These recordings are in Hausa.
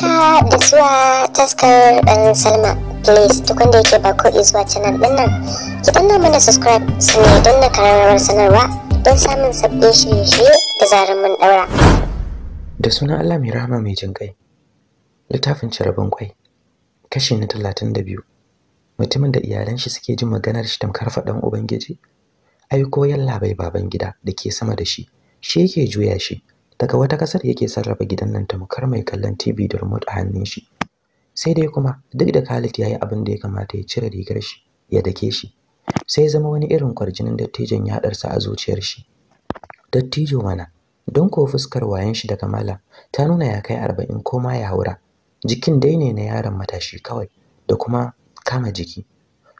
haka da zuwa taskar dan salma please duk wanda yake ba ko zuwa canal din nan ki danna mana subscribe su ne don na kararrawar sanarwa don samun sabbin shirye-shirye da zarar mun daura da sunan allah mai rahama mai jin kai littafin cirabin kwai kashi na talatin da biyu mutumin da iyalan shi suke jin maganar shi tamkar faɗan ubangiji ai koyan labai baban gida da ke sama da shi shi yake juya shi daga wata kasar yake sarrafa gidan nan tamkar mai kallon TV da remote a hannun shi sai dai kuma duk da Khalid yayi abin da ya kamata ya cire rigar shi ya dake shi sai ya zama wani irin kwarjinin dattijon ya a zuciyar shi dattijo mana don ko fuskar wayen shi da kamala ta nuna ya kai arba'in ko ma ya haura jikin dai ne na yaron matashi kawai da kuma kama jiki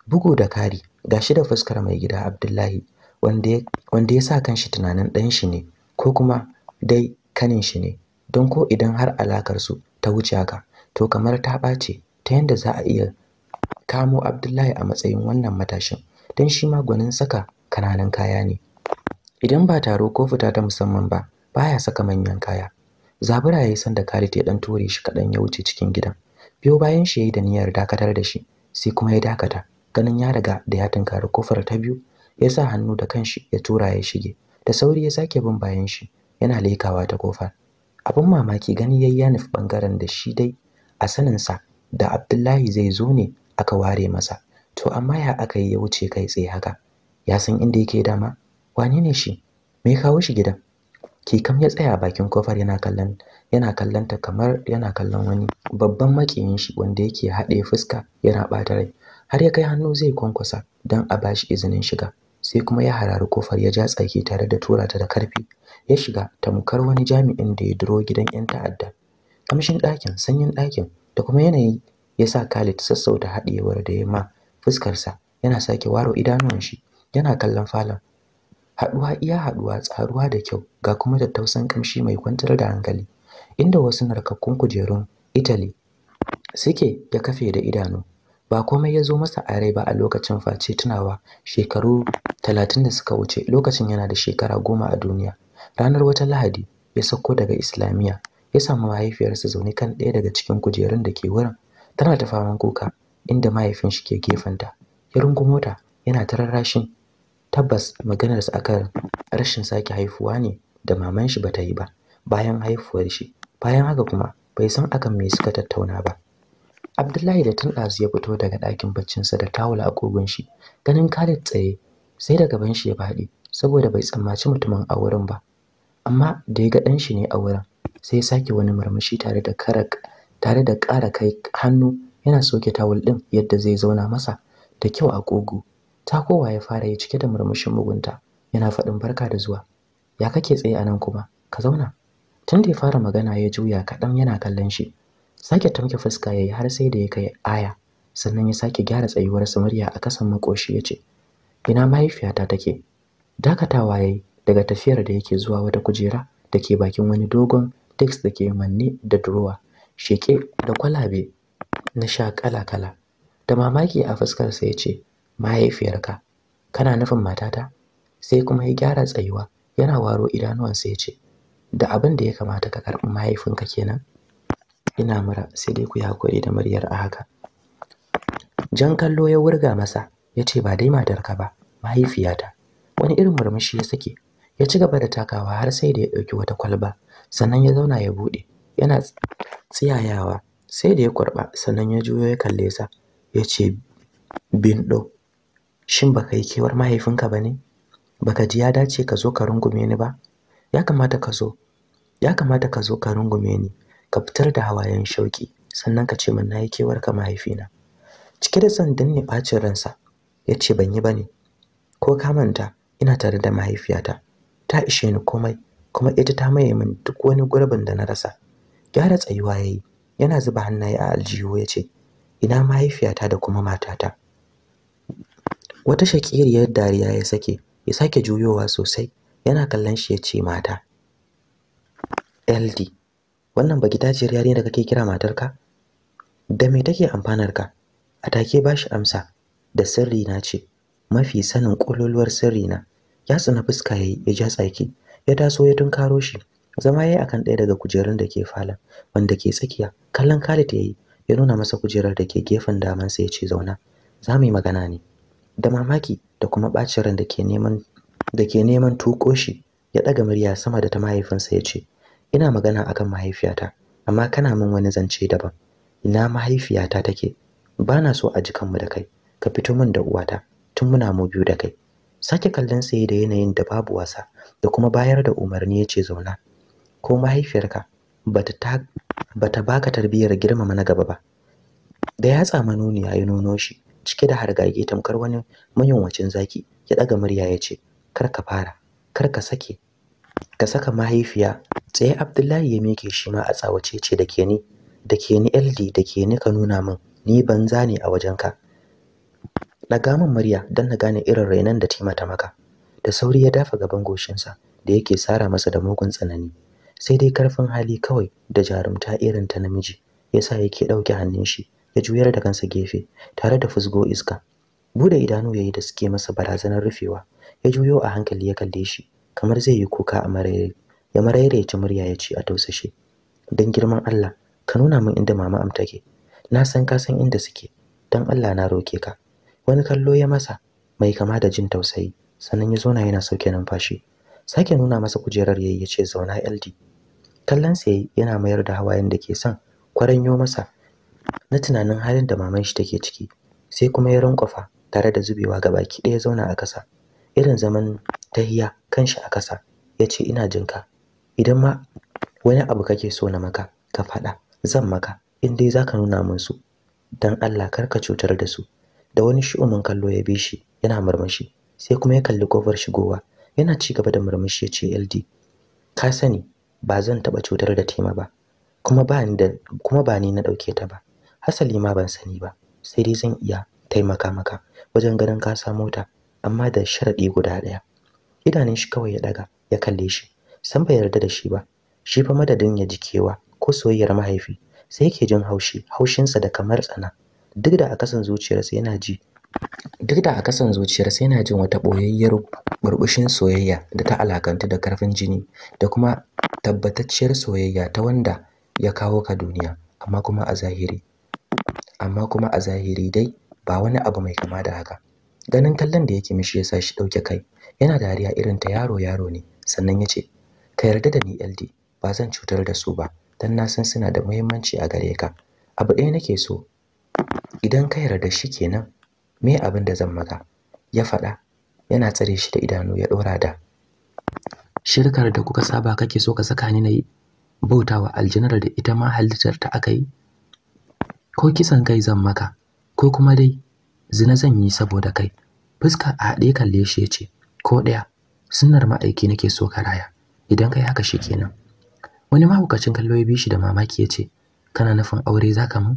bugu da kari gashi da fuskar mai gida Abdullahi wanda ya sa kanshi tunanin ɗan shi ne ko kuma dai kanin shi ne don ko idan har alakar su ta wuce haka to kamar ta ɓace ta yanda za a iya kamo Abdullahi a matsayin wannan matashin don shi ma gwanin saka kananan kaya ne idan ba taro ko fita ta musamman ba baya saka manyan kaya zabura yayi sanda Khalid ya dan ture shi kaɗan ya wuce cikin gidan biyo bayan shi ya yi da niyyar dakatar da shi sai kuma ya dakata ganin ya riga da ya tunkari kofar ta biyu ya sa hannu da kanshi ya tura ya shige da sauri ya sake bin bayan shi yana lekawa ta kofar abin mamaki gani yayi ya nufi bangaren da shi dai a saninsa da Abdullahi zai zo ne aka ware masa to amma ya aka yi ya wuce kai tsaye haka ya san inda yake dama wane ne shi me ya kawo shi gidan ke kam ya tsaya bakin kofar yana kallon yana kallanta kamar yana kallon wani babban makiyin shi wanda yake haɗe fuska yana ɓata rai har ya kai hannu zai kwankwasa don a bashi izinin shiga sai kuma ya harari kofar ya ja tsaki tare da tura ta da karfi ya shiga tamkar wani jami'in da ya duro gidan 'yan ta'adda kamshin ɗakin sanyin ɗakin da kuma yanayi ya sa Khalid sassauta haɗiyewar da ya ma fuskarsa yana sake waro idanuwan shi yana kallon falon haɗuwa iya haɗuwa tsaruwa da kyau ga kuma tattausan kamshi mai kwantar da hankali inda wasu narkakkun kujerun Italy suke ya kafe da idanu ba komai ya zo masa a rai ba a lokacin face tunawa shekaru talatin da suka wuce lokacin yana da shekara goma a duniya ranar wata lahadi ya sauko daga islamiyya ya samu mahaifiyarsa zaune kan ɗaya daga cikin kujerun da ke wurin tana ta faman kuka inda mahaifin shi ke gefenta ya rungu mota yana ta rarrashin tabbas maganarsa akan rashin sake haifuwa ne da maman shi bata yi ba bayan haifuwar shi bayan haka kuma bai san akan me suka tattauna ba Abdullahi da tun ɗazu ya fito daga ɗakin baccinsa da tawul a ƙugun shi. Ganin Khalid tsaye sai da gaban shi ya faɗi saboda bai tsammaci mutumin a wurin ba. Amma da ya ga ɗan shi ne a wurin sai ya sake wani murmushi tare da karak tare da ƙara kai hannu yana soke tawul ɗin yadda zai zauna masa da kyau a ƙugu. Takowa ya fara ya cike da murmushin mugunta yana faɗin barka da zuwa. Ya kake tsaye a nan kuma ka zauna. Tun da ya fara magana ya juya kaɗan yana kallon shi sake tamke fuska yayi har sai da ya kai aya sannan ya sake gyara tsayuwar samariya a kasan makoshi ya ce ina mahaifiyata take dakatawa yayi daga tafiyar da yake zuwa wata kujera da ke bakin wani dogon desk da ke manne da durowa sheke da kwalabe na sha kala-kala da mamaki a fuskarsa ya ce mahaifiyarka kana nufin matata sai kuma ya gyara tsayuwa yana waro idanuwansa ya ce da abin da ya kamata ka karɓi mahaifinka kenan ina mura sai dai ku yi hakuri da muryar a haka jan kallo ya wurga masa ya ce ba dai matarka ba mahaifiyata wani irin murmushi ya sake ya ci gaba da takawa har sai da ya ɗauki wata kwalba sannan ya zauna ya buɗe yana tsiyayawa sai da ya kurɓa sannan ya juyo ya kalle sa ya ce bindo shin baka yi kewar mahaifinka ba ne baka ji ya dace ka zo ka rungume ni ba ya kamata ka zo ya kamata ka zo ka rungume ni ka fitar da hawayen shauki sannan ka ce min nayi kewar ka mahaifina cike da son danne bacin ransa ya ce ban yi ba ne. ko ka manta ina tare da mahaifiyata ta ishe ni komai kuma ita ta maye min duk wani gurbin da na rasa gyara tsayuwa ya yi, yana zuba hannaye a aljihu ya ce ina mahaifiyata da kuma matata wata shakiriyar dariya ya sake ya sake juyowa sosai yana kallon shi ya ce mata LD wannan baki taciyar yari da kake kira matarka da me take amfanar ka atake bashi amsa da sirri na ce mafi sanin kululuwar sirri na ya tsina fuska yayi ya ja tsaki ya taso ya tunkaro shi zama yayi akan ɗaya daga kujerun da ke fala wanda ke tsakiya kallon Khalid yayi ya nuna masa kujerar da ke gefen daman sa ya ce zauna za mu yi magana ne da mamaki da kuma bacin ran da ke neman da ke neman tuko shi ya ɗaga murya sama da ta mahaifinsa ya ce ina magana akan mahaifiyata amma kana min wani zance daban ina mahaifiyata take bana so a jikanmu da kai ka fito min da uwata tun muna mu biyu da kai sake kallon sai da yanayin da babu wasa da kuma bayar da umarni ya ce zauna ko mahaifiyarka bata ta baka tarbiyyar girmama na gaba ba da ya tsama nuni ya nono shi cike da hargage tamkar wani mayunwacin zaki ya daga murya ya ce kar ka fara kar ka sake ka saka mahaifiya sai abdullahi ya mike shi ma a tsawace ce da ke ni da ke ni ld da ke ni ka nuna min ni banza ne a wajenka ɗaga min murya don na gane irin rainon da timata maka da sauri ya dafa gaban goshinsa da yake sara masa da mugun tsanani sai dai karfin hali kawai da jarumta irin ta namiji ya yasa yake ɗauke hannun shi ya juyar da kansa gefe tare da fusgo iska bude idanu ya yi da suke masa barazanar rufewa ya juyo a hankali ya kalle shi kamar zai yi kuka a marayi ya maraireci murya ya ce a tausashe don girman Allah ka nuna min inda mama am take na san ka san inda suke don Allah na roke ka wani kallo ya masa mai kama da jin tausayi sannan ya zauna yana sauke numfashi sake nuna masa kujerar yayi ya ce zauna LD kallon sa yana mayar da hawayen da ke son kwaranyo masa na tunanin halin da maman shi take ciki sai kuma ya rinkofa tare da zubewa ga baki ɗaya zauna a kasa irin zaman tahiya kanshi a kasa ya ce ina jinka idan ma wani abu kake so na maka ka faɗa zan maka in dai zaka nuna min su dan Allah kar ka cutar da su da wani shi'umin kallo ya bi shi yana murmushi sai kuma ya kalli kofar shigowa yana ci gaba da murmushi ya ce LD ka sani ba zan taɓa cutar da tema ba kuma ba ni da kuma ba ni na ɗauke ta ba hasali ma ban sani ba sai dai zan iya taimaka maka wajen ganin ka samu ta amma da sharaɗi guda ɗaya idanun shi kawai ya ɗaga ya kalle shi san bai yarda da shi ba shi fa madadin ya jikewa ko soyayyar mahaifi sai yake jin haushi haushinsa da kamar tsana duk da a kasan zuciyarsa yana ji duk da a kasan sa yana jin wata boyayyar burbushin soyayya da ta alakanta da karfin jini da kuma tabbatacciyar soyayya ta wanda ya kawo ka duniya amma kuma a zahiri amma kuma a zahiri dai ba wani abu mai kama da haka ganin kallon da yake mishi yasa shi dauke kai yana dariya irin ta yaro yaro ne sannan ya ce ka yarda da ni LD ba zan cutar da su ba dan na san suna da muhimmanci a gare ka abu ɗaya nake so idan ka yarda shi kenan me abin da zan maka ya faɗa yana tsare shi da idanu ya ɗora da shirkar da kuka saba kake so ka saka ni nayi bautawa aljanar da ita ma halittar ta aka yi ko kisan kai zan maka ko kuma dai zina zan yi saboda kai fuska a haɗe kalle shi ya ce ko ɗaya sunnar ma'aiki nake so ka raya idan kai haka shi kenan wani mahaukacin kallo ya bi shi da mamaki ya ce kana nufin aure zaka mun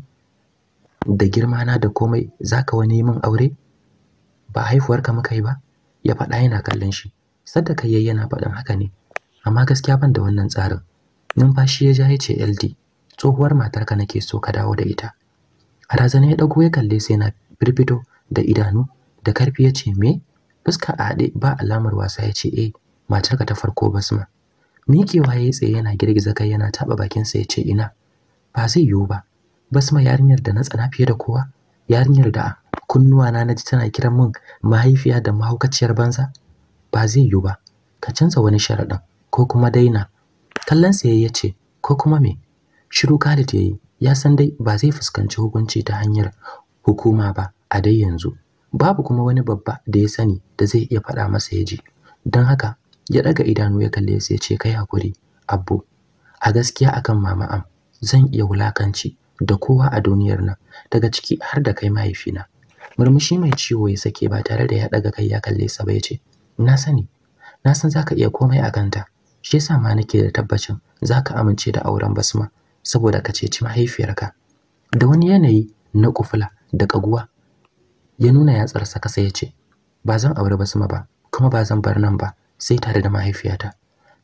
da girma na da komai zaka wani min aure ba haifuwar ka muka yi ba ya faɗa yana kallon shi sadaka yayi yana faɗin haka ne amma gaskiya ban da wannan tsarin numfashi ya ja ya ce LD tsohuwar matarka nake so ka dawo da ita a razana ya dago ya kalle sai na firfito da idanu da karfi ya ce me fuska a haɗe ba alamar wasa ya ce eh matarka ta farko basma Mikewa ya yi tsaye yana girgiza kai yana taɓa bakinsa ya ce ina ba zai yiwu ba basma yarinyar da na tsana fiye da kowa yarinyar da kunnuwana na ji tana kiran min mahaifiya da mahaukaciyar banza ba zai yiwu ba ka canza wani sharaɗin ko kuma daina kallon sa ya ce ko kuma me shiru Khalid ya yi ya san dai ba zai fuskanci hukunci ta hanyar hukuma ba a dai yanzu babu kuma wani babba da ya sani da zai iya faɗa masa yaji, ji don haka ya daga idanu ya kalle sai ce kai hakuri abbo a gaskiya akan mama am zan iya wulakanci da kowa a duniyar nan daga ciki har da kai mahaifina murmushi mai ciwo ya sake ba tare da ya daga kai ya kalle sa ba ya ce na sani na san zaka iya komai a kanta shi yasa ma nake da tabbacin zaka amince da auren basma saboda ka ceci mahaifiyarka da wani yanayi na kufula da kaguwa ya nuna ya yatsarsa kasa ya ce ba zan aure basma ba kuma ba zan bar nan ba sai tare da mahaifiyata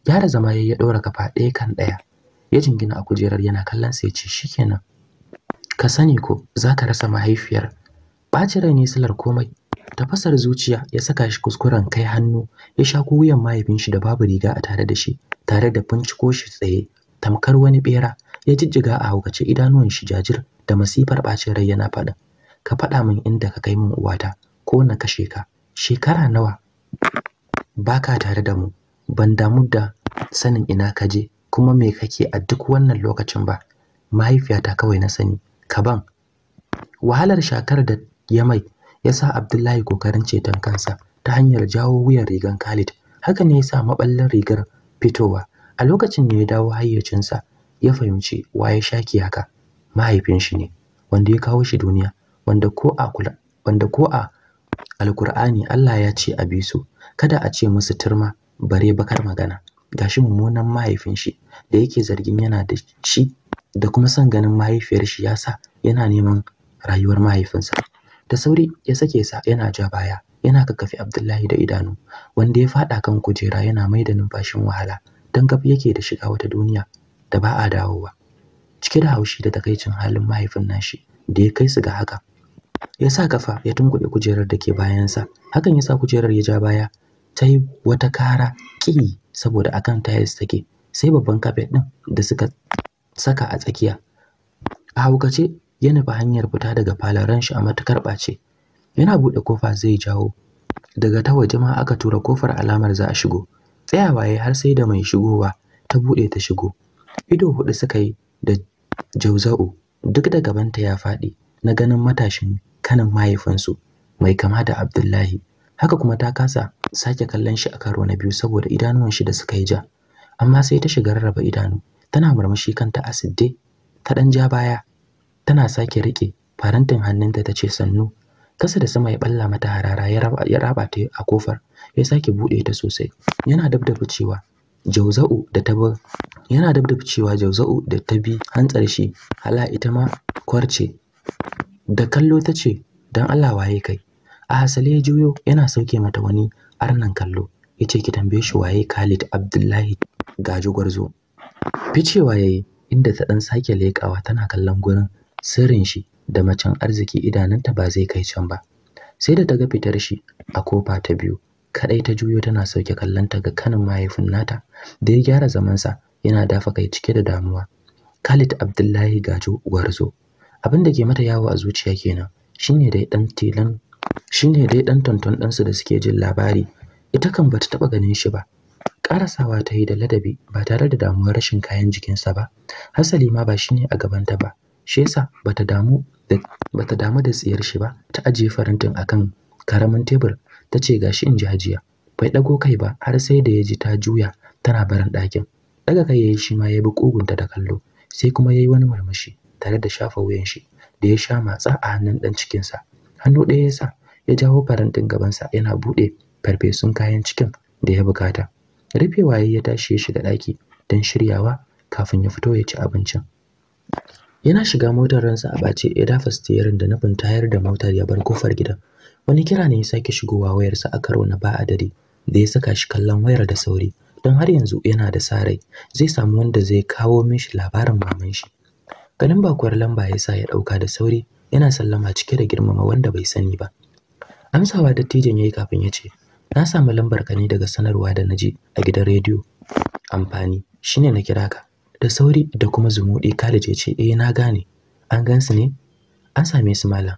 gyara zama ya ɗora kafa ɗaya kan ɗaya ya jingina a kujerar yana kallon sai ce kenan. ka sani ko za ka rasa mahaifiyar ɓaci rai ne silar komai tafasar zuciya ya saka shi kuskuren kai hannu ya sha wuyan mahaifin shi da babu riga a tare da shi tare da binciko shi tsaye tamkar wani bera ya jijjiga a hukace idanuwan shi jajir da masifar ɓacin rai yana faɗin ka faɗa min inda ka kai min uwata ko na kashe ka shekara nawa ba ka tare da mu ban damu da sanin ina ka je kuma me kake a duk wannan lokacin ba mahaifiyata kawai na sani kaban wahalar shakar da ya mai ya sa abdullahi kokarin ceton kansa ta hanyar jawo wuyan rigan khalid haka ne ya sa maɓallin rigar fitowa a lokacin ne ya dawo hayyacinsa ya fahimci wa ya shaki haka mahaifin shi ne wanda ya kawo shi duniya wanda ko a alkur'ani Allah ya ce a bi kada a ce musu turma bare bakar magana gashi mummunan mahaifin shi da yake zargin yana da shi da kuma son ganin mahaifiyar shi yasa yana neman rayuwar mahaifinsa da sauri ya sake sa yana ja baya yana kakkafe Abdullahi da idanu wanda ya faɗa kan kujera yana mai da numfashin wahala dan gab yake da shiga wata duniya da ba a dawowa cike da haushi da takaicin halin mahaifin nashi da ya kai su ga haka ya sa kafa ya tunkuɗe kujerar da ke bayansa hakan ya sa kujerar ya ja baya ta yi wata kara kini saboda akan tiles take sai babban kafet ɗin da suka saka a tsakiya a haukace ya nufa hanyar fita daga falaren shi a matukar ɓace yana buɗe kofa zai jawo daga ta waje ma aka tura kofar alamar za a shigo tsayawa ya har sai da mai shigowa ta buɗe ta shigo ido huɗu suka yi da jauza'u duk da gabanta ya faɗi na ganin matashin kanin mahaifinsu mai kama da abdullahi haka kuma ta kasa sake kallon shi a karo na biyu saboda idanuwan shi da suka yi ja amma sai ta shiga rarraba idanu tana murmushi kanta a sidde ta dan ja baya tana sake rike farantin hannunta ta ce sannu kasa da sama ya balla mata harara ya raba ta a kofar ya sake buɗe ta sosai yana dabdaba cewa Jauza'u da ta bi yana dabdaba cewa Jauza'u da ta bi hantsar shi hala ita ma kwarce da kallo ta ce don Allah waye kai a hasale ya juyo yana sauke mata wani arnan kallo ya ce ki tambaye shi waye Khalid Abdullahi Gaji Gwarzo. Ficewa ya yi inda ta ɗan sake leƙawa tana kallon gurin sirrin shi da macen arziki idanunta ba zai kai can ba. Sai da ta ga fitar shi a kofa ta biyu kaɗai ta juyo tana sauke kallon ta ga kanin mahaifin nata da ya gyara zamansa yana dafa kai cike da damuwa. Khalid Abdullahi gaji Gwarzo. Abin da ke mata yawo a zuciya kenan shine dai ɗan tilan shi ne dai ɗan tonton ɗansu da suke jin labari ita kan bata taɓa ganin shi ba ƙarasawa ta yi da ladabi ba tare da damuwar rashin kayan jikinsa ba hasali ma ba shi ne a gabanta ba shi yasa ba damu da damu da tsiyar shi ba ta ajiye farantin a kan karamin tebur ta ce gashi in ji hajiya bai ɗago kai ba har sai da ya ji ta juya tana barin ɗakin daga kai ya yi shi ma ya bi ƙugunta da kallo sai kuma ya yi wani murmushi tare da shafa wuyan shi da ya sha matsa a hannun ɗan cikinsa hannu ɗaya ya sa ya jawo farantin gabansa yana buɗe farfesun kayan cikin da ya bukata waye ya tashi ya shiga ɗaki don shiryawa kafin ya fito ya ci abincin yana shiga motar ransa a bace ya dafa steering da nufin tayar da motar ya bar kofar gidan wani kira ne ya sake shigowa wayarsa a karo na ba dari da ya saka shi kallon wayar da sauri don har yanzu yana da sarai, zai samu wanda zai kawo mishi labarin maman shi ganin bakuwar lamba ya sa ya ɗauka da sauri yana sallama cike da girmama wanda bai sani ba amsawa dattijan yayi kafin ya ce na samu lambar ka ne daga sanarwa da naji a gidan rediyo amfani shine na kira ka da sauri da kuma zumudi Khalid ya ce eh na gane an gansu ne an same su malam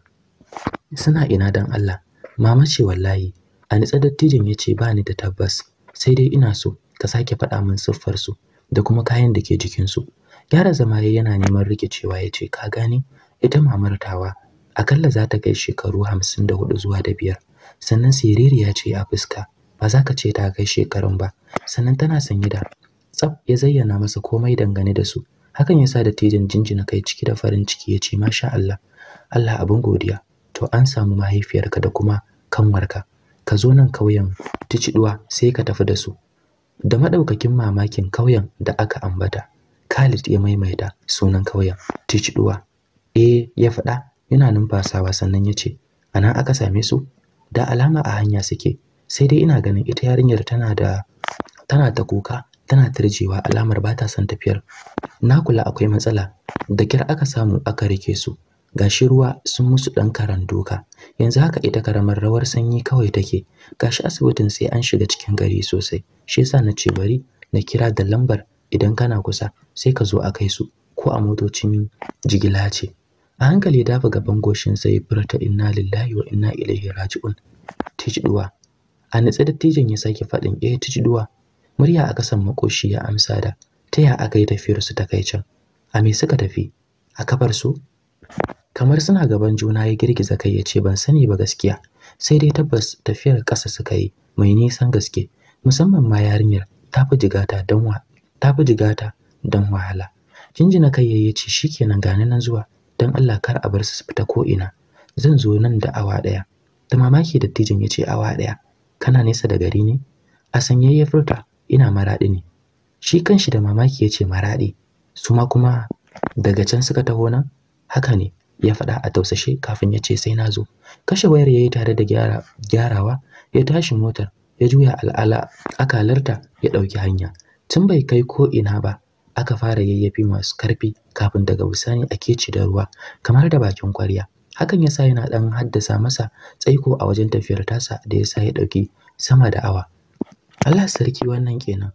suna ina dan Allah mama ce wallahi a nitsa dattijan ya ce ba ni da tabbas sai dai ina so ka sake faɗa min siffar su da kuma kayan da ke jikinsu gyara zama yana neman rikicewa ya ce ka gane ita mamar tawa akalla za ta kai shekaru hamsin da hudu zuwa da biyar sannan siririya ce a fuska ba za ka ce ta kai shekarun ba sannan tana sanye da tsaf ya zayyana masa komai dangane da su hakan ya sa dattijan jinjina kai ciki da farin ciki ya ce masha Allah Allah abin godiya to an samu mahaifiyarka da kuma kanwarka ka zo nan kauyen ticiduwa sai ka tafi da su da madaukakin mamakin kauyen da aka ambata Khalid ya maimaita sunan kauyen ticiduwa eh ya faɗa yana numfasawa sannan ya ce a aka same su da alama a hanya suke sai dai ina ganin ita yarinyar tana da tana ta kuka tana tarjewa alamar ba ta son tafiyar na kula akwai matsala da kyar aka samu aka rike su gashi ruwa sun musu ɗan karan doka yanzu haka ita karamar rawar sanyi kawai take gashi asibitin sai an shiga cikin gari sosai shi yasa na ce bari na kira da lambar idan kana kusa sai ka zo a kai su ko a motocin jigila ce a hankali dafa gaban goshin sai furta inna lillahi wa inna ilaihi raji'un tijduwa a nitsa dattijan ya sake faɗin eh tijduwa murya a kasan makoshi ya amsa da ta ya aka yi tafiyar su ta kai can a me suka tafi a kafar su kamar suna gaban juna ya girgiza kai ya ce ban sani ba gaskiya sai dai tabbas tafiyar ƙasa suka yi mai nisan gaske musamman ma yarinyar ta fi jigata don wa ta fi jigata don wahala jinjina kai yayi ce shikenan gane nan zuwa don Allah kar a bar su fita ko ina zan zo nan da awa ɗaya ta mamaki dattijin ya ce awa ɗaya kana nesa da gari ne a sanye ya furta ina maraɗi ne shi kanshi da mamaki ya ce maraɗi su ma kuma daga can suka taho nan haka ne ya faɗa a tausashe kafin ya ce sai na zo kashe wayar ya yi tare da gyarawa ya tashi motar ya juya al'ala akalarta ya ɗauki hanya tun bai kai ko ina ba aka fara yayyafi masu karfi kafin daga bisani a keci da ruwa kamar da bakin kwarya hakan yasa yana dan haddasa masa tsaiko a wajen tafiyar tasa da yasa ya dauki sama da awa Allah sarki wannan kenan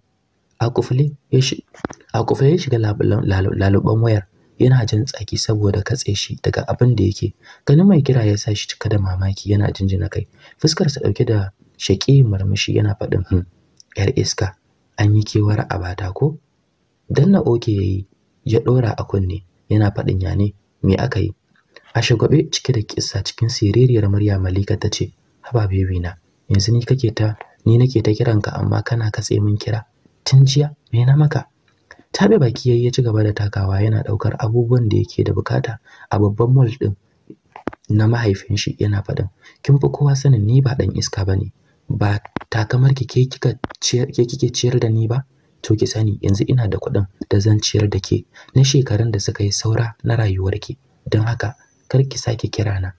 a akufle ya shiga laluban wayar yana jin tsaki saboda katse shi daga abin da yake ganin mai kira ya sa shi cika da mamaki yana jinjina kai Fuskar sa dauke da shaki murmushi yana faɗin hmm, yar iska an yi kewar abata ko danna oke yayi ya ɗora a kunne yana faɗin ne, me aka yi a shagwabe cike da kissa cikin siririyar murya malika ta ce haba bebi na yanzu ni kake ta ni nake ta kiranka amma kana katse min kira tun jiya me na maka Ta bi baki yayi ya ci gaba da takawa yana ɗaukar abubuwan da yake da bukata a babban mall din na mahaifin shi yana faɗin kin fi kowa sanin ni ba dan iska bane ba kamar ki ke kika ke kike ciyar da ni ba to ki sani yanzu ina da kuɗin da zan ciyar da ke na shekarun da suka yi saura na rayuwar ki, don haka kar ki sake kira na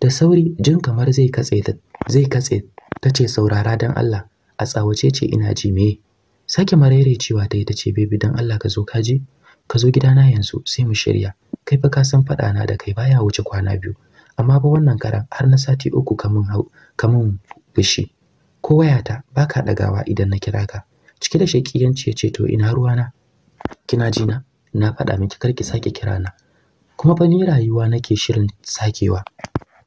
da sauri jin kamar zai katse ta zai katse ta ce saurara don Allah a tsawace ce ina ji me sake marere cewa ta yi ce bebi don Allah ka zo ka ji ka zo gidana yanzu sai mu shirya kai fa ka san faɗa na da kai baya wuce kwana biyu amma ba wannan karan har na sati uku kamun hau kamun bishi ko wayata baka ɗagawa idan na kira ka cike da shakiyanci ya ce to ina ruwana kina ji na na faɗa miki kar ki sake kira na kuma fa ni rayuwa nake shirin sakewa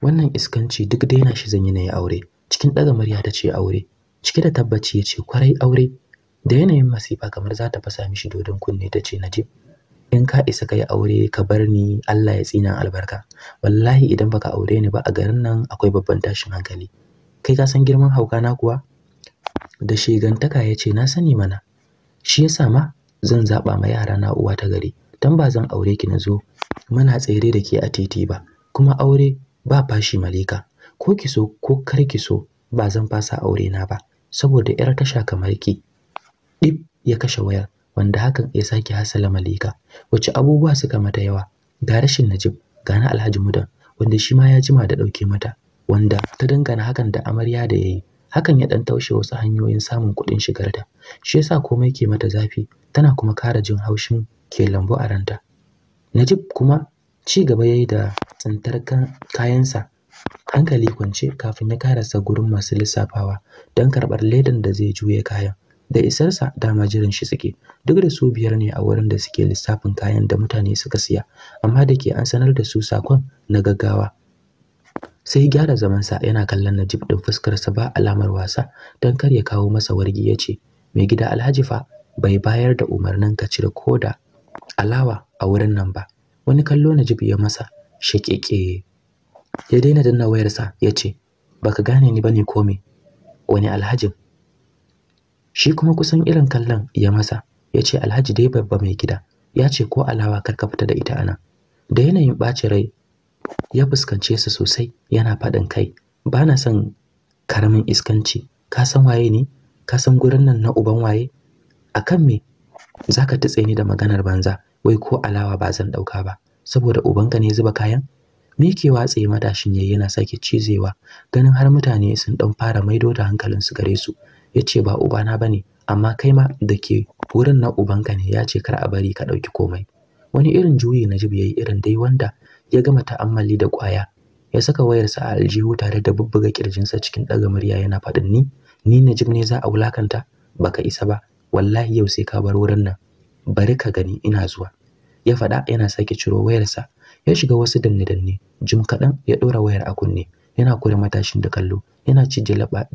wannan iskanci duk daina shi zan yi na yi aure cikin ɗaga murya ta ce aure cike da tabbaci ya ce kwarai aure da yanayin masifa kamar za ta fasa mishi dodon kunne ta ce naje? in ka isa ka yi aure ka bar ni Allah ya tsina albarka wallahi idan baka aure ni ba a garin nan akwai babban tashin hankali kai ka san girman hauka na kuwa da shegantaka ya ce na sani mana shi ya ma zan zaɓa ma yara na uwa ta gari Don ba zan aure ki na zo muna tsere da ke a titi ba kuma aure ba fashi malika ko ki so ko kar ki so ba zan fasa aure na ba saboda yar tasha kamar ki ɗib ya kashe wayar wanda hakan ya sake hasala malika wace abubuwa suka mata yawa ga rashin najib ga na alhaji mudan wanda shi ma ya jima da ɗauke mata wanda ta dangana hakan da amarya da yayi hakan ya ɗan taushe wasu hanyoyin samun kuɗin shigarta shi yasa komai ke mata zafi tana kuma kara jin haushin ke lambu a ranta najib kuma ci gaba yayi da tsintar kayansa hankali kwance kafin ya karasa gurin masu lissafawa don karɓar ledan da zai juya kayan da isarsa dama jiran shi suke duk da su biyar ne a wurin da suke lissafin kayan da mutane suka siya amma da ke an sanar da su sakon na gaggawa sai gyara zamansa yana kallon Najib din fuskarsa ba alamar wasa don kar ya kawo masa wargi ya ce mai gida Alhaji fa bai bayar da umarnin ka cire koda alawa a wurin nan ba wani kallo Najib ya masa shekeke ya daina danna wayarsa ya ce baka gane ni bane ko me wani alhajin shi kuma kusan irin kallon ya masa ya ce alhaji dai babba mai gida ya ko alawa kar ka fita da ita ana da yanayin ɓaci rai ya fuskance su sosai yana faɗin kai ba na son karamin iskanci ka san waye ne ka san gurin nan na uban waye akan me Za ka tutse ni da maganar banza wai ko alawa ba zan ɗauka ba saboda ubanka ne zuba kayan me ke watse madashin yayi yana sake cizewa ganin har mutane sun ɗan fara maido da hankalin su gare su yace ba ubana ba ne. amma kai ma da ke wurin na ubanka ne ya ce kar a bari ka ɗauki komai wani irin juyi na Najib yayi irin dai wanda ya gama ta'ammali da kwaya ya saka wayarsa a aljihu tare da bubbuga kirjinsa cikin ɗaga murya yana faɗin ni ni na ne za a wulakanta baka isa ba wallahi yau sai ka bar wurin nan bari ka gani ina zuwa ya faɗa yana sake ciro wayarsa ya shiga wasu danne-danne jim kaɗan ya ɗora wayar a kunne yana kure matashin da kallo yana cije laɓa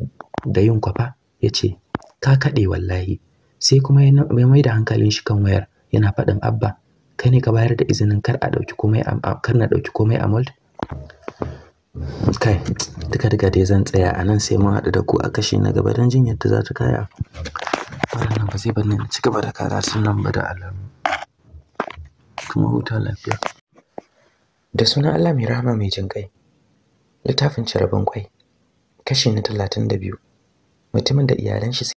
da yin kwafa ya ce ka kaɗe wallahi sai kuma ya mai da hankalin shi kan wayar yana faɗin abba kai ne ka bayar da izinin kar a ɗauki komai kar na ɗauki komai a mold kai duka duka dai zan tsaya a nan sai mun haɗu da ku a kashi na gaba don jin yadda za ta kaya wannan ba zai bane ci gaba da karatun nan ba da alamu kuma huta lafiya da suna Allah mai rahama mai jin kai littafin cirabin kwai kashi na talatin da biyu mutumin da iyalan shi